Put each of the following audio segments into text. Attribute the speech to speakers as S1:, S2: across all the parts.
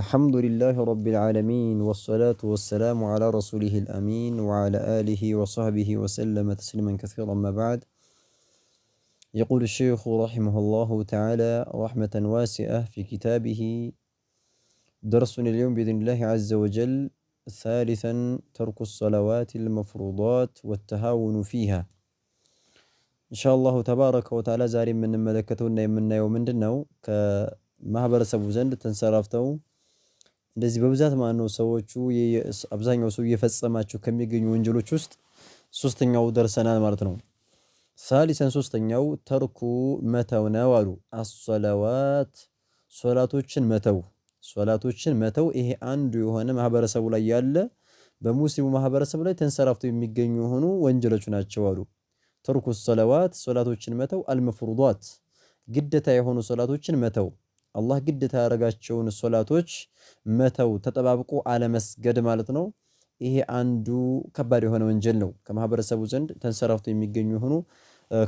S1: الحمد لله رب العالمين والصلاة والسلام على رسوله الأمين وعلى آله وصحبه وسلم تسليما كثيرا ما بعد يقول الشيخ رحمه الله تعالى رحمة واسعة في كتابه درسنا اليوم بإذن الله عز وجل ثالثا ترك الصلوات المفروضات والتهاون فيها إن شاء الله تبارك وتعالى زارين من ملكتنا من يوم من دنو كمهبر هبرسبو زند تنسرافتو እንደዚህ በብዛት ነው ሰዎቹ አብዛኛው ሰው እየፈጸማቸው ከሚገኙ ወንጀሎች ውስጥ ሶስተኛው ደርሰናል ማለት ነው። ሳሊሰን ሶስተኛው ተርኩ መተው ነው አሉ። አሶላዋት ሶላቶችን መተው ሶላቶችን መተው ይሄ አንዱ የሆነ ማህበረሰቡ ላይ ያለ በሙስሊሙ ማህበረሰብ ላይ ተንሰራፍተው የሚገኙ የሆኑ ወንጀሎች ናቸው አሉ። ተርኩ ሶላዋት ሶላቶችን መተው አልመፍሩዷት ግደታ የሆኑ ሶላቶችን መተው አላህ ግዴታ ያደረጋቸውን ሶላቶች መተው ተጠባብቆ አለመስገድ ማለት ነው። ይሄ አንዱ ከባድ የሆነ ወንጀል ነው። ከማህበረሰቡ ዘንድ ተንሰራፍቶ የሚገኙ የሆኑ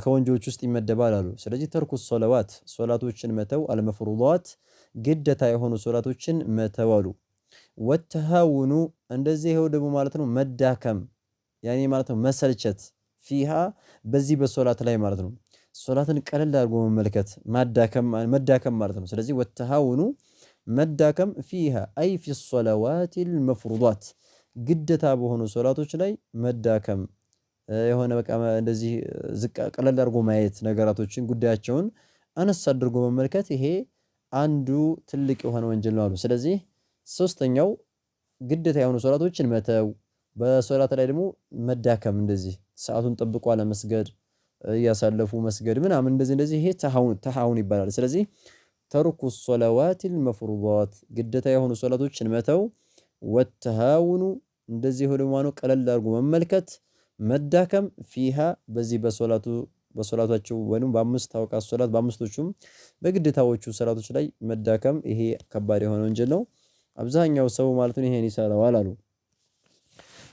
S1: ከወንጀሎች ውስጥ ይመደባል አሉ። ስለዚህ ተርኩ ሶላዋት ሶላቶችን መተው፣ አልመፍሩዷት ግዴታ የሆኑ ሶላቶችን መተው አሉ። ወተሃውኑ እንደዚህ ይኸው ደግሞ ማለት ነው መዳከም ያኔ ማለት ነው መሰልቸት ፊሃ በዚህ በሶላት ላይ ማለት ነው ሶላትን ቀለል አድርጎ መመልከት መዳከም ማለት ነው። ስለዚህ ወተሃውኑ መዳከም ፊሃ አይ ፊ ሶላዋቲል መፍሩዷት ግደታ በሆኑ ሶላቶች ላይ መዳከም የሆነ በቃ እንደዚህ ዝቅ ቀለል አድርጎ ማየት ነገራቶችን ጉዳያቸውን አነስ አድርጎ መመልከት ይሄ አንዱ ትልቅ የሆነ ወንጀል ነው አሉ። ስለዚህ ሶስተኛው ግደታ የሆኑ ሶላቶችን መተው፣ በሶላት ላይ ደግሞ መዳከም እንደዚህ ሰዓቱን ጠብቆ አለመስገድ እያሳለፉ መስገድ ምናምን እንደዚህ እንደዚህ ይሄ ተሃውን ተሃውን ይባላል። ስለዚህ ተርኩ ሶላዋት አልመፍሩዳት ግዴታ የሆኑ ሶላቶችን መተው፣ ወተሃውኑ እንደዚህ ማኑ ቀለል አድርጎ መመልከት፣ መዳከም ፊሃ በዚህ በሶላቱ በሶላታቸው ወይንም በአምስት አውቃት ሶላት በአምስቶቹም በግዴታዎቹ ሶላቶች ላይ መዳከም ይሄ ከባድ የሆነ ወንጀል ነው። አብዛኛው ሰው ማለት ነው ይሄን ይሰራዋል አሉ።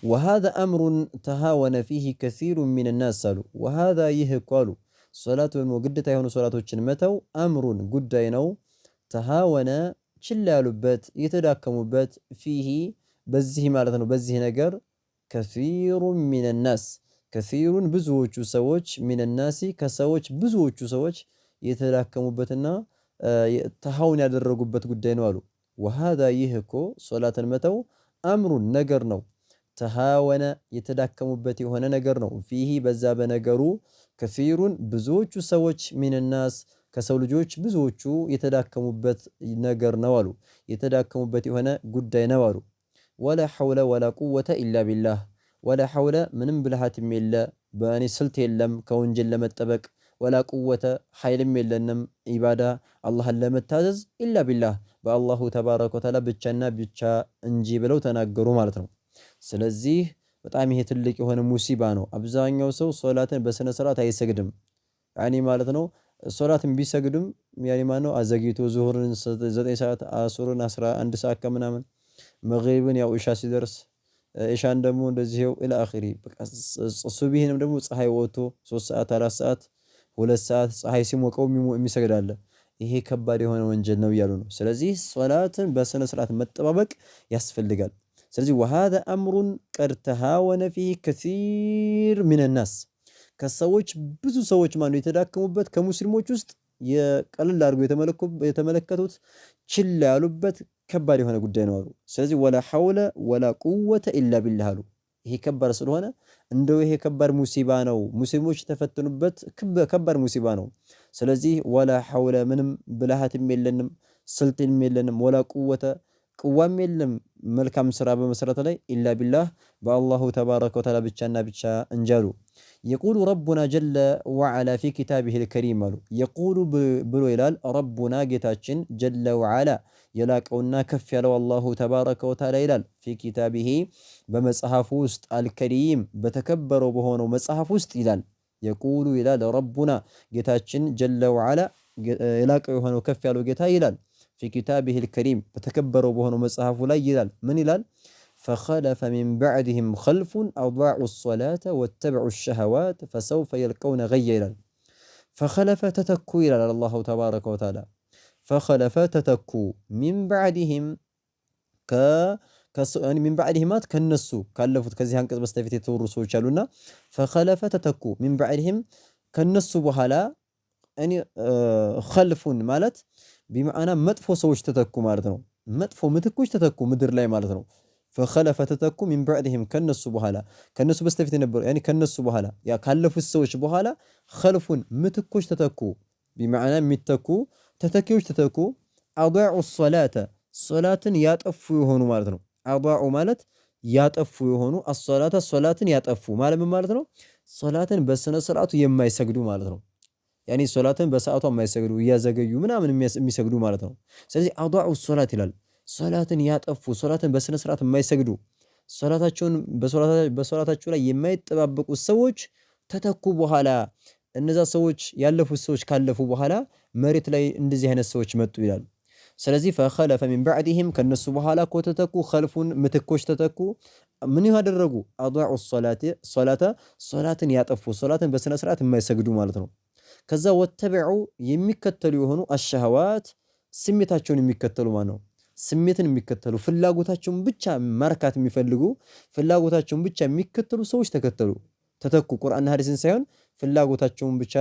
S1: ወሃዛ አምሩን ተሃወነ ፊህ ከሲሩ ሚን ናስ አሉ። ወሃዛ ይህ እኮ አሉ ሶላት ወይም ግዴታ የሆኑ ሶላቶችን መተው አምሩን ጉዳይ ነው። ተሃወነ ችላ ያሉበት የተዳከሙበት፣ ፊህ በዚህ ማለት ነው በዚህ ነገር ከሲሩ ሚን ናስ ከሲሩን ብዙዎቹ ሰዎች ሚን ናሲ ከሰዎች ብዙዎቹ ሰዎች የተዳከሙበትና ተሃውን ያደረጉበት ጉዳይ ነው አሉ። ወሃዛ ይህ እኮ ሶላትን መተው አምሩን ነገር ነው ተሃወነ የተዳከሙበት የሆነ ነገር ነው። ፊሂ በዛ በነገሩ ከፊሩን ብዙዎቹ ሰዎች ሚንናስ ከሰው ልጆች ብዙዎቹ የተዳከሙበት ነገር ነው አሉ። የተዳከሙበት የሆነ ጉዳይ ነው አሉ። ወላ ሐውለ ወላ ቁወተ ኢላ ቢላህ። ወላ ሐውለ ምንም ብልሃትም የለ በእኔ ስልት የለም ከወንጀል ለመጠበቅ ወላ ቁወተ ኃይልም የለንም ኢባዳ አላህን ለመታዘዝ ኢላ ቢላህ በአላሁ ተባረከ ወተዓላ ብቻና ብቻ እንጂ ብለው ተናገሩ ማለት ነው። ስለዚህ በጣም ይሄ ትልቅ የሆነ ሙሲባ ነው። አብዛኛው ሰው ሶላትን በስነ ስርዓት አይሰግድም። ያኒ ማለት ነው ሶላትን ቢሰግድም ያኒ ማለት ነው አዘግይቶ ዙሁርን ዘጠኝ ሰዓት፣ አሱርን አንድ ሰዓት ከምናምን፣ መግሪብን ያው ኢሻ ሲደርስ፣ ኢሻን ደግሞ እንደዚህው ኢላ አኺሪ በቃ ደግሞ ፀሐይ ወጥቶ 3 ሰዓት፣ 4 ሰዓት፣ ሁለት ሰዓት ፀሐይ ሲሞቀው የሚሰግዳለ ይሄ ከባድ የሆነ ወንጀል ነው እያሉ ነው። ስለዚህ ሶላትን በስነ ስርዓት መጠባበቅ ያስፈልጋል። ስለዚህ ወሃዛ አምሩን ቀድ ተሃወነ ፊህ ከሲር ሚነናስ ከሰዎች ብዙ ሰዎች ማነው የተዳከሙበት ከሙስሊሞች ውስጥ የቀለል አድርጎ የተመለከቱት ችላ ያሉበት ከባድ የሆነ ጉዳይ ነው አሉ። ስለዚህ ወላ ሐውለ ወላ ቁወተ ኢላ ቢላህ አሉ። ይሄ ከባድ ስለሆነ እንደው ይሄ ከባድ ሙሲባ ነው። ሙስሊሞች የተፈተኑበት ከባድ ሙሲባ ነው። ስለዚህ ወላ ሐውለ ምንም ብልሃትም የለንም፣ ስልትም የለንም ወላ ቁወተ ቅዋም የለም መልካም ስራ በመሰረት ላይ ኢላ ቢላህ በአላሁ ተባረከ ወተዓላ ብቻና ብቻ እንጃሉ የቁሉ ረቡና ጀለ ወዓላ ፊ ኪታቢሂል ከሪም አሉ። የቁሉ ብሎ ይላል ረቡና ጌታችን ጀለ ወዓላ የላቀውና ከፍ ያለው አላሁ ተባረከ ወተዓላ ይላል ፊ ኪታቢሂ በመጽሐፉ ውስጥ አልከሪም በተከበረው በሆነው መጽሐፍ ውስጥ ይላል የቁሉ ይላል ረቡና ጌታችን ጀለ ወዓላ የላቀው የሆነው ከፍ ያለው ጌታ ይላል في كتابه الكريم بتكبروا بهنا مصحف لا يلال من يلال فخلف من بعدهم خلف أضاعوا الصلاة واتبعوا الشهوات فسوف يلقون غيا فخلف تتكو إلى الله تبارك وتعالى فخلف تتكو من بعدهم ك كس... يعني من بعدهم مات كنسو كالفوت كزي هنقص بستفيت يتورو سوچ አሉና فخلف تتكو من بعدهم كنسو በኋላ يعني آه، خلفون مالت ቢማዕና መጥፎ ሰዎች ተተኩ ማለት ነው። መጥፎ ምትኮች ተተኩ ምድር ላይ ማለት ነው። ፈኸለፈ ተተኩ ሚን ባዕድህም ከነሱ በኋላ ከነሱ በስተፊት የነበሩ ያኔ ከነሱ በኋላ ያ ካለፉት ሰዎች በኋላ ኸልፉን ምትኮች ተተኩ ቢማዕና የሚተኩ ተተኪዎች ተተኩ አዳዑ ሶላተ ሶላትን ያጠፉ የሆኑ ማለት ነው። አዳዑ ማለት ያጠፉ የሆኑ አሶላተ ሶላትን ያጠፉ ማለት ምን ማለት ነው? ሶላትን በስነ ስርዓቱ የማይሰግዱ ማለት ነው። ያኔ ሶላትን በሰዓቷ የማይሰግዱ እያዘገዩ ምናምን የሚሰግዱ ማለት ነው። ስለዚህ አዳዑ ሶላት ይላል። ሶላትን ያጠፉ፣ ሶላትን በስነ ስርዓት የማይሰግዱ፣ ሶላታቸውን በሶላታቸው ላይ የማይጠባበቁ ሰዎች ተተኩ በኋላ እነዛ ሰዎች ያለፉት ሰዎች ካለፉ በኋላ መሬት ላይ እንደዚህ አይነት ሰዎች መጡ ይላል። ስለዚህ ፈኸለፈ ሚን ባዕድህም ከነሱ በኋላ እኮ ተተኩ ኸልፉን ምትኮች ተተኩ። ምን ያደረጉ አዳዑ ሶላተ ሶላትን ያጠፉ ሶላትን በስነ ስርዓት የማይሰግዱ ማለት ነው። ከዛ ወተበዑ የሚከተሉ የሆኑ አሸሃዋት ስሜታቸውን የሚከተሉ ማለት ነው። ስሜትን የሚከተሉ ፍላጎታቸውን ብቻ ማርካት የሚፈልጉ ፍላጎታቸውን ብቻ የሚከተሉ ሰዎች ተከተሉ ተተኩ። ቁርአንና ሐዲስን ሳይሆን ፍላጎታቸውን ብቻ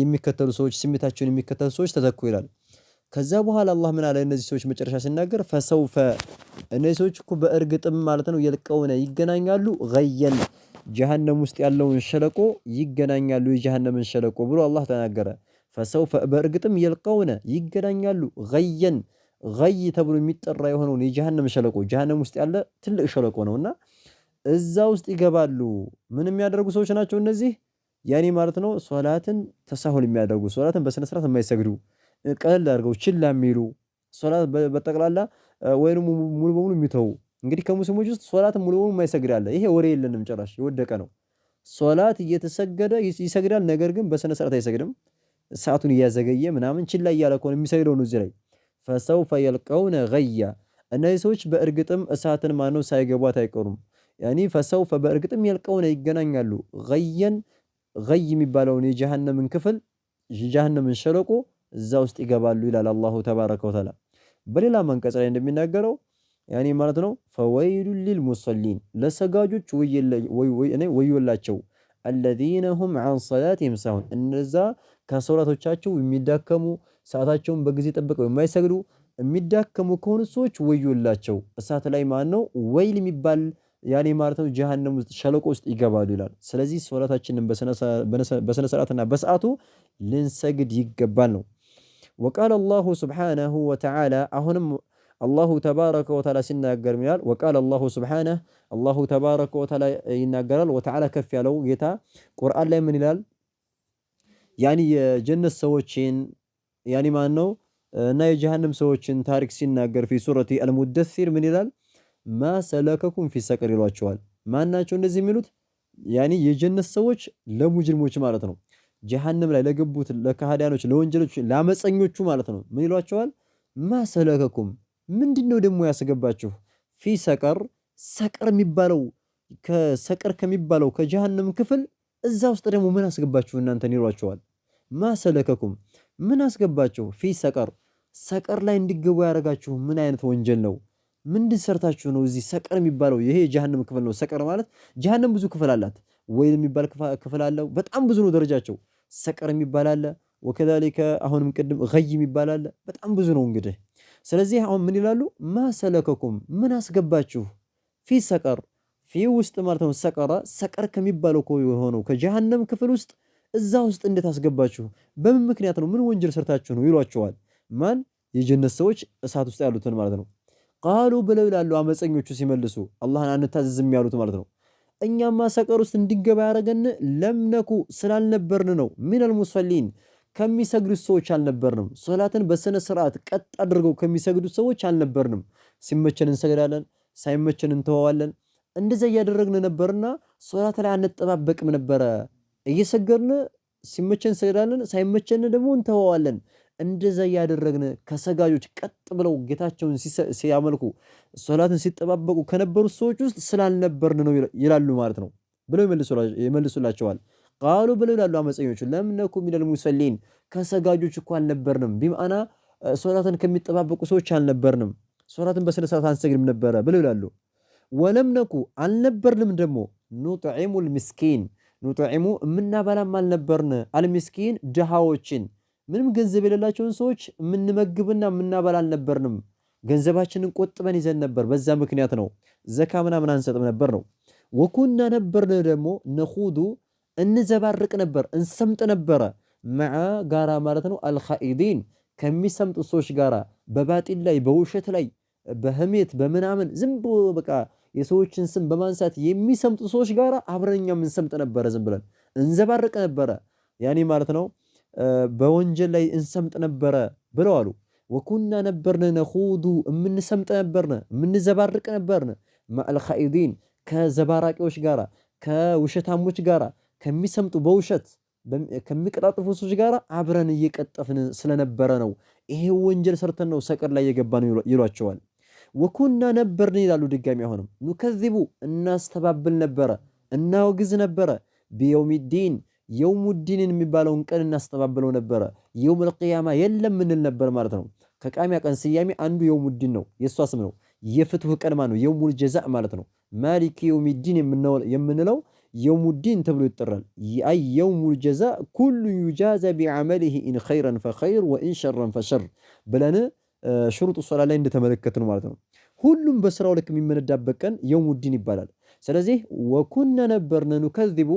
S1: የሚከተሉ ሰዎች፣ ስሜታቸውን የሚከተሉ ሰዎች ተተኩ ይላል። ከዛ በኋላ አላህ ምን አለ? እነዚህ ሰዎች መጨረሻ ሲናገር ፈሰውፈ እነዚህ ሰዎች እኮ በእርግጥም ማለት ነው የልቀውነ ይገናኛሉ ገየን ጀሃነም ውስጥ ያለውን ሸለቆ ይገናኛሉ የጀሃነምን ሸለቆ ብሎ አላህ ተናገረ። ፈሰውፈ በእርግጥም የልቀውነ ይገናኛሉ ገየን ገይ ተብሎ የሚጠራ የሆነውን የጀሃነም ሸለቆ ጀሃነም ውስጥ ያለ ትልቅ ሸለቆ ነውና እዛ ውስጥ ይገባሉ። ምን የሚያደርጉ ሰዎች ናቸው እነዚህ? ያኔ ማለት ነው ሶላትን ተሳሁል የሚያደርጉ ሶላትን በስነ ስርዓት የማይሰግዱ ቀለል አድርገው ችላ የሚሉ ሶላት በጠቅላላ ወይንም ሙሉ በሙሉ የሚተዉ እንግዲህ ከሙስሊሞች ውስጥ ሶላት ሙሉ የማይሰግድ አለ። ይሄ ወሬ የለንም፣ ጭራሽ የወደቀ ነው። ሶላት እየተሰገደ ይሰግዳል፣ ነገር ግን በስነ ስርዓት አይሰግድም። ሰዓቱን እያዘገየ ምናምን ችላ እያለ ከሆነ የሚሰግደው ነው። እዚህ ላይ ፈሰውፈ የልቀውነ ገያ እነዚህ ሰዎች በእርግጥም እሳትን ማነው ሳይገቧት አይቀሩም። ያኒ ፈሰውፈ በእርግጥም የልቀውነ ይገናኛሉ። ገየን ገይ የሚባለውን የጀሃነምን ክፍል የጀሃነምን ሸለቆ እዛ ውስጥ ይገባሉ ይላል አላሁ ተባረከ ወተዓላ በሌላ መንቀጽ ላይ እንደሚናገረው ያኔ ማለት ነው ፈወይሉን ሊልሙሰሊን ለሰጋጆች ወዮላቸው፣ አለዚነ ሁም አን ሰላቲሂም ሳሁን እነዛ ከሶላቶቻቸው የሚዳከሙ ሰዓታቸውን በጊዜ ጠብቀው የማይሰግዱ የሚዳከሙ ከሆኑ ሰዎች ወዮላቸው። እሳት ላይ ማን ነው ወይል የሚባል ያኔ ማለት ነው ጀሃነም ውስጥ ሸለቆ ውስጥ ይገባሉ ይላል። ስለዚህ ሶላታችንን በስነ ስርዓትና በሰዓቱ ልንሰግድ ይገባል ነው። ወቃለ አላሁ ሱብሓነሁ ወተዓላ አሁንም አላሁ ተባረከ ወተዓላ ሲናገር ይላል ወቃል አላሁ ስብሓነህ አላሁ ተባረከ ወተዓላ ይናገራል። ወተዓላ ከፍ ያለው ጌታ ቁርአን ላይ ምን ይላል? ያኒ የጀነት ሰዎችን ያኒ ማን ነው እና የጀሃንም ሰዎችን ታሪክ ሲናገር ፊ ሱረቲ አልሙደሲር ምን ይላል? ማ ሰለከኩም ፊ ሰቀር ይሏቸዋል። ማን ናቸው እንደዚህ የሚሉት? ያኒ የጀነት ሰዎች ለሙጅሪሞች ማለት ነው። ጀሃንም ላይ ለገቡት ለካህዲያኖች፣ ለወንጀሎች፣ ለአመፀኞቹ ማለት ነው ምን ይሏቸዋል? ማ ሰለከኩም ምንድነው ደግሞ ያስገባችሁ? ፊ ሰቀር ሰቀር የሚባለው ከሰቀር ከሚባለው ከጀሃነም ክፍል እዛ ውስጥ ደግሞ ምን አስገባችሁ እናንተ ይሏችኋል። ማሰለከኩም ምን አስገባችሁ? ፊ ሰቀር ሰቀር ላይ እንዲገቡ ያደረጋችሁ ምን አይነት ወንጀል ነው? ምንድን ሰርታችሁ ነው እዚህ ሰቀር የሚባለው? ይሄ ጀሃነም ክፍል ነው። ሰቀር ማለት ጀሃነም ብዙ ክፍል አላት። ወይል የሚባል ክፍል አለው። በጣም ብዙ ነው ደረጃቸው። ሰቀር የሚባል አለ። ወከዛሊከ አሁንም ቅድም ገይ የሚባል አለ። በጣም ብዙ ነው እንግዲህ ስለዚህ አሁን ምን ይላሉ? ማሰለከኩም ምን አስገባችሁ ፊ ሰቀር ፊ ውስጥ ማለት ነው። ሰቀራ ሰቀር ከሚባለው እኮ የሆነው ከጀሃነም ክፍል ውስጥ እዛ ውስጥ እንዴት አስገባችሁ? በምን ምክንያት ነው? ምን ወንጀል ሰርታችሁ ነው? ይሏቸዋል። ማን የጀነት ሰዎች እሳት ውስጥ ያሉትን ማለት ነው። ቃሉ ብለው ይላሉ አመፀኞቹ ሲመልሱ፣ አላህን አንታዘዝም ያሉት ማለት ነው። እኛማ ሰቀር ውስጥ እንድንገባ ያደረገን ለምነኩ ስላልነበርን ነው ሚነል ሙሰሊን ከሚሰግዱት ሰዎች አልነበርንም። ሶላትን በስነ ስርዓት ቀጥ አድርገው ከሚሰግዱት ሰዎች አልነበርንም። ሲመቸን እንሰግዳለን፣ ሳይመቸን እንተዋዋለን። እንደዚያ እያደረግን ነበርና ሶላት ላይ አንጠባበቅም ነበረ። እየሰገድን ሲመቸን እንሰግዳለን፣ ሳይመቸን ደግሞ እንተዋዋለን። እንደዛ እያደረግን ከሰጋጆች ቀጥ ብለው ጌታቸውን ሲያመልኩ ሶላትን ሲጠባበቁ ከነበሩት ሰዎች ውስጥ ስላልነበርን ነው ይላሉ ማለት ነው ብለው ይመልሱላቸዋል። ቃሉ ብለው ይላሉ አመፀኞቹ ለምነኩ ሚነል ሙሰሊን ከሰጋጆች እኮ አልነበርንም። ቢማና ሶላትን ከሚጠባበቁ ሰዎች አልነበርንም። ሶላትን በስነ ስርዓት አንሰግድም ነበረ ብለው ይላሉ። ወለምነኩ አልነበርንም ደግሞ ኑጥዒሙል ምስኪን ኑጥዒሙ የምናበላም አልነበርን። አልሚስኪን ድሃዎችን ምንም ገንዘብ የሌላቸውን ሰዎች የምንመግብና የምናበላ አልነበርንም። ገንዘባችንን ቆጥበን ይዘን ነበር። በዛ ምክንያት ነው ዘካ ምናምን አንሰጥም ነበር ነው። ወኩና ነበርን ደግሞ ነኹዱ እንዘባርቅ ነበር፣ እንሰምጥ ነበረ። መዓ ጋራ ማለት ነው አልኻኢዲን ከሚሰምጡ ሰዎች ጋራ በባጢል ላይ በውሸት ላይ በህሜት በምናምን ዝም ብሎ በቃ የሰዎችን ስም በማንሳት የሚሰምጡ ሰዎች ጋራ አብረኛ እንሰምጥ ነበረ። ዝም ብለን እንዘባርቅ ነበረ ያኔ ማለት ነው በወንጀል ላይ እንሰምጥ ነበረ ብለው አሉ። ወኩና ነበርን ነኹዱ እምንሰምጥ ነበርነ እምንዘባርቅ ነበርነ ማአል ኻኢዲን ከዘባራቂዎች ጋራ ከውሸታሞች ጋራ ከሚሰምጡ በውሸት ከሚቀጣጥፉ ሰዎች ጋር አብረን እየቀጠፍን ስለነበረ ነው ይሄ ወንጀል ሰርተን ነው ሰቅር ላይ ነው ይሏቸዋል። ወኩና ነበርን ይላሉ ድጋሚ አሁንም ኑከዚቡ እናስተባብል ነበረ እናወግዝ ነበረ ቢየውሚዲን ዲንን የሚባለውን ቀን እናስተባብለው ነበረ። የውም ልቅያማ የለም ምንል ነበር ማለት ነው። ከቃሚያ ቀን ስያሜ አንዱ ዲን ነው፣ የእሷ ስም ነው። የፍትሁ ቀን ማለት ነው፣ የውሙል ጀዛእ ማለት ነው። ማሊክ የውሚዲን የምንለው የውሙዲን ተብሎ ይጠራል። አይ የውሙል ጀዛ ኩሉ ዩጃዛ ቢዓመሊሂ ኢን ኸይረን ፈኸይር ወኢን ሸረን ፈሸር ብለን ሽሩጡ ሶላ ላይ እንደተመለከት ማለት ነው። ሁሉም በስራው ልክ የሚመነዳበት ቀን የውሙዲን ይባላል። ስለዚህ ወኩነ ነበርን ኑከዚቡ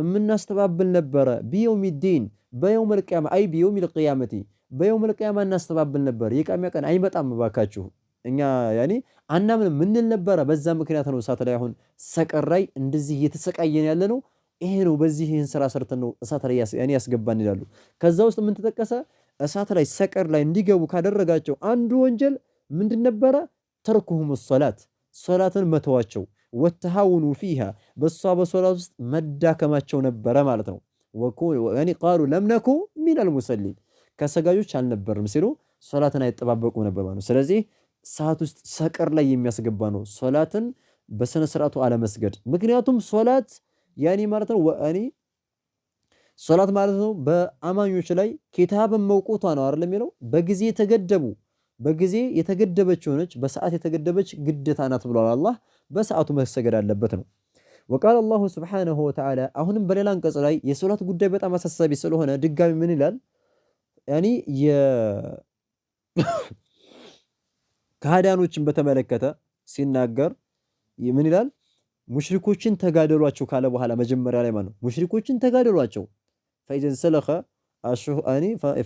S1: የምናስተባብል ነበረ ቢየውሚዲን በየውመል ቂያማ አይ ቢየውሚል ቂያመቲ በየውመል ቂያማ እናስተባብል ነበር። የቂያማ ቀን አይመጣም እባካችሁ እኛ ያኔ አናምንም ምንል ነበረ። በዛ ምክንያት ነው እሳት ላይ አሁን ሰቀራይ እንደዚህ እየተሰቃየን ያለ ነው። ይሄ ነው በዚህ ይህን ስራ ሰርተን ነው እሳት ላይ ያኔ ያስገባን ይላሉ። ከዛ ውስጥ ምን ተጠቀሰ? እሳት ላይ ሰቀር ላይ እንዲገቡ ካደረጋቸው አንዱ ወንጀል ምንድን ነበረ? ተርኩሁም ሶላት ሶላትን መተዋቸው፣ ወተሃውኑ ፊሃ በሷ በሶላት ውስጥ መዳከማቸው ነበረ ማለት ነው። ወያኔ ቃሉ ለምነኩ ሚነል ሙሰሊን ከሰጋጆች አልነበርም ሲሉ ሶላትን አይጠባበቁም ነበር ማለት ነው። ስለዚህ ሰዓት ውስጥ ሰቀር ላይ የሚያስገባ ነው። ሶላትን በስነ ስርዓቱ አለመስገድ። ምክንያቱም ሶላት ያኔ ማለት ነው ወአኔ ሶላት ማለት ነው በአማኞች ላይ ኪታብን መውቆቷ ነው አይደል የሚለው በጊዜ የተገደቡ በጊዜ የተገደበች ሆነች በሰዓት የተገደበች ግዴታ ናት ብሏል አላህ። በሰዓቱ መሰገድ አለበት ነው። ወቃለ አላሁ ስብሓነሁ ወተዓላ አሁንም በሌላ አንቀጽ ላይ የሶላት ጉዳይ በጣም አሳሳቢ ስለሆነ ድጋሚ ምን ይላል ያኔ ከሃዲያኖችን በተመለከተ ሲናገር ምን ይላል? ሙሽሪኮችን ተጋደሏቸው ካለ በኋላ መጀመሪያ ላይ ማለት ነው። ሙሽሪኮችን ተጋደሏቸው ፈኢዘን ሰለኸ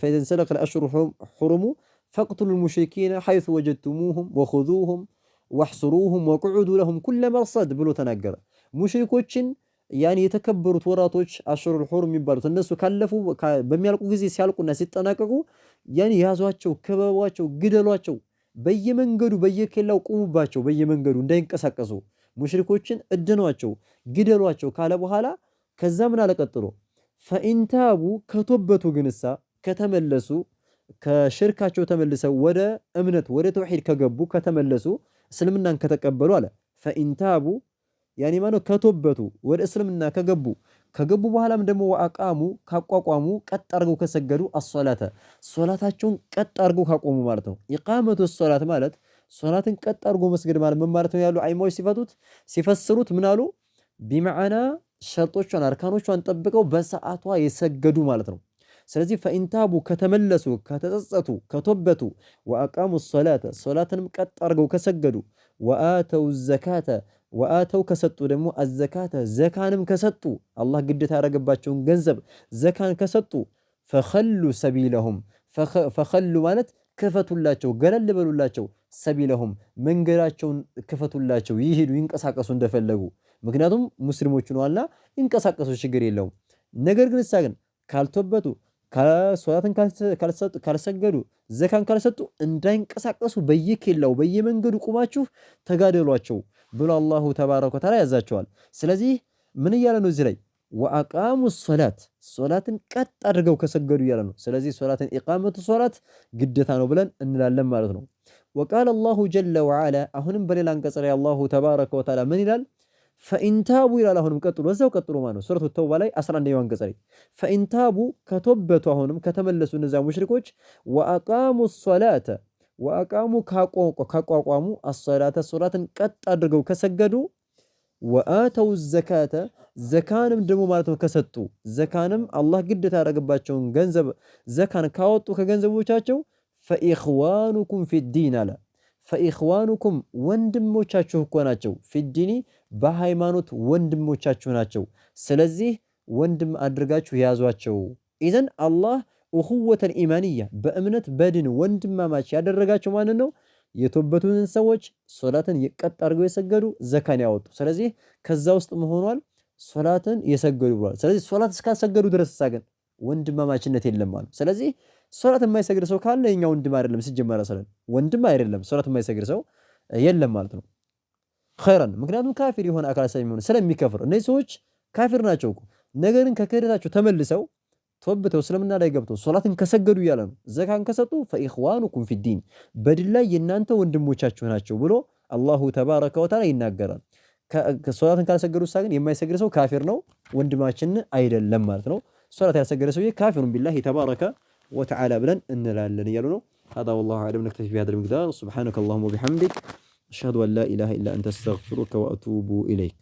S1: ፈኢዘን ሰለኸ ለአሽሩ ሑሩሙ ፈቅቱሉ ልሙሽሪኪነ ሐይሱ ወጀድቱሙሁም ወኹዙሁም ወሕስሩሁም ወቁዑዱ ለሁም ኩለ መርሰድ ብሎ ተናገረ። ሙሽሪኮችን ያን የተከበሩት ወራቶች አሽሩል ሑሩም የሚባሉት እነሱ ካለፉ በሚያልቁ ጊዜ ሲያልቁና ሲጠናቀቁ ያን ያዟቸው፣ ክበቧቸው፣ ግደሏቸው በየመንገዱ በየኬላው ቁሙባቸው፣ በየመንገዱ እንዳይንቀሳቀሱ ሙሽሪኮችን እድኗቸው፣ ግደሏቸው ካለ በኋላ ከዛ ምን አለ ፈኢንታቡ ከቶበቱ ግንሳ ከተመለሱ ከሽርካቸው ተመልሰው ወደ እምነት ወደ ተውሂድ ከገቡ ከተመለሱ እስልምናን ከተቀበሉ አለ ፈኢንታቡ ያኔ ማነው ከቶበቱ ወደ እስልምና ከገቡ ከገቡ በኋላም ደግሞ ወአቃሙ ካቋቋሙ ቀጥ አድርገው ከሰገዱ አሶላተ ሶላታቸውን ቀጥ አድርገው ካቆሙ ማለት ነው። ኢቃመቱ ሶላት ማለት ሶላትን ቀጥ አድርጎ መስገድ ማለት ምን ማለት ነው? ያሉ አይማዎች ሲፈቱት ሲፈስሩት ምን አሉ? ቢመዓና ሸርጦቿን አርካኖቿን ጠብቀው በሰዓቷ የሰገዱ ማለት ነው። ስለዚህ ፈኢንታቡ ከተመለሱ ከተጸጸቱ ከቶበቱ ወአቃሙ ሶላተ ሶላትንም ቀጥ አድርገው ከሰገዱ ወአተው ዘካተ ወአተው ከሰጡ ደግሞ አዘካተ ዘካንም ከሰጡ አላህ ግዴታ ያደረገባቸውን ገንዘብ ዘካን ከሰጡ ፈኸሉ ሰቢለሁም ፈኸሉ ማለት ክፈቱላቸው፣ ገለል በሉላቸው፣ ሰቢለሁም መንገዳቸውን ክፈቱላቸው፣ ይሄዱ፣ ይንቀሳቀሱ እንደፈለጉ። ምክንያቱም ሙስሊሞቹ ነዋልና ይንቀሳቀሱ፣ ችግር የለውም። ነገር ግን እሳ ግን ካልተወበቱ ሶላትን ካልሰገዱ ዘካን ካልሰጡ እንዳይንቀሳቀሱ በየኬላው በየመንገዱ ቁማችሁ ተጋደሏቸው። ብሎ አላሁ ተባረከ ወተዓላ ያዛቸዋል። ስለዚህ ምን እያለ ነው እዚህ ላይ ወአቃሙ ሶላት ሶላትን ቀጥ አድርገው ከሰገዱ እያለ ነው። ስለዚህ ሶላትን ኢቃመቱ ሶላት ግዴታ ነው ብለን እንላለን ማለት ነው። ወቃለ አላሁ ጀለ ወዓላ አሁንም በሌላ አንቀጽ ላይ አላሁ ተባረከ ወተዓላ ምን ይላል? ፈኢንታቡ ይላል። አሁንም ቀጥሎ እዛው ቀጥሎ ማለት ነው ሱረቱ ተውባ ላይ 11ኛው አንቀጽ ላይ ፈኢንታቡ ከቶበቱ አሁንም ከተመለሱ እነዚያ ሙሽሪኮች ወአቃሙ ሶላተ ወአቃሙ ካቋቋሙ አሶላተ ሶላትን ቀጥ አድርገው ከሰገዱ ወአተው ዘካተ ዘካንም ደግሞ ማለት ነው ከሰጡ ዘካንም አላህ ግዴታ ያደረገባቸውን ገንዘብ ዘካን ካወጡ ከገንዘቦቻቸው ፈኢኽዋኑኩም ፊዲን አለ። ፈኢኽዋኑኩም ወንድሞቻችሁ እኮ ናቸው። ፊዲኒ በሃይማኖት ወንድሞቻችሁ ናቸው። ስለዚህ ወንድም አድርጋችሁ ያዟቸው። ኢዘን አላህ ኡኹወተል ኢማንያ በእምነት በድን ወንድማማች ያደረጋቸው ማንን ነው? የተወበቱትን ሰዎች ሶላትን ቀጥ አድርገው የሰገዱ ዘካን ያወጡ። ስለዚህ ከዛ ውስጥ መሆኗል ሶላትን የሰገዱ ብሏል። ስለዚህ ሶላት እስካልሰገዱ ድረስ ግን ወንድማማችነት የለም አሉ። ስለዚህ ሶላት የማይሰግድ ሰው ካለ የኛ ወንድም አይደለም ሲጀመር ሰለን ወንድም አይደለም ሶላት የማይሰግድ ሰው የለም ማለት ነው። ኸይረን ምክንያቱም ካፊር የሆነ አካል ስለሚሆን ስለሚከፍር እነዚህ ሰዎች ካፊር ናቸው እኮ ነገር ከክህደታቸው ተመልሰው ተወብተው እስልምና ላይ ገብተው ሶላትን ከሰገዱ እያለ ነው። ዘካን ከሰጡ ፈኢኽዋኑኩም ፊዲን በድል ላይ የእናንተ ወንድሞቻችሁ ናቸው ብሎ አላሁ ተባረከ ወተዓላ ይናገራል። ሶላትን ካልሰገዱ ግን የማይሰግድ ሰው ካፊር ነው፣ ወንድማችን አይደለም ማለት ነው። ሶላት ያልሰገደ ሰውዬ ካፊሩን ቢላሂ ተባረከ ወተዓላ ብለን እንላለን እያሉ ነው። هذا والله أعلم نكتفي بهذا المقدار سبحانك اللهم وبحمدك أشهد أن لا إله إلا أنت أستغفرك وأتوب إليك